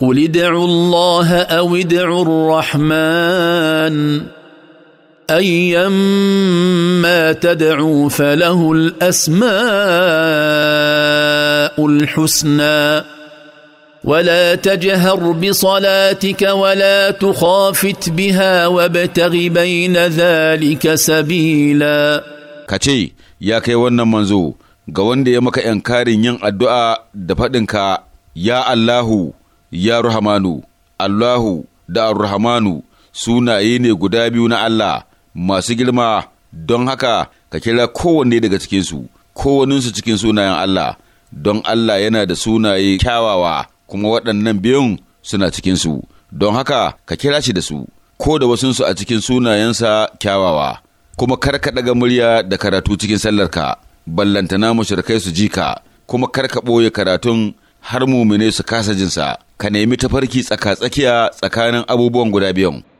قل ادعوا الله او ادعوا الرحمن ايما تدعوا فله الاسماء الحسنى ولا تجهر بصلاتك ولا تخافت بها وابتغ بين ذلك سبيلا كتي يا كي wannan manzo ga wanda ya maka yankarin yin addu'a da faɗinka ya Allahu ya Ruhamanu, Allahu da Ruhamanu sunaye ne guda biyu na Allah masu girma don haka ka kira kowanne daga cikinsu, kowanninsu cikin sunayen Allah, don Allah yana da sunaye kyawawa kuma waɗannan biyun suna cikinsu, don haka ka kira shi da su, ko da wasunsu a cikin sunayensa kyawawa, kuma kar ka ɗaga murya da karatu cikin sallarka, ballantana mushrikai su ji ka, kuma kar ka ɓoye karatun har mumine su kasa jinsa. ka nemi tafarki tsaka-tsakiya tsakanin abubuwan guda biyan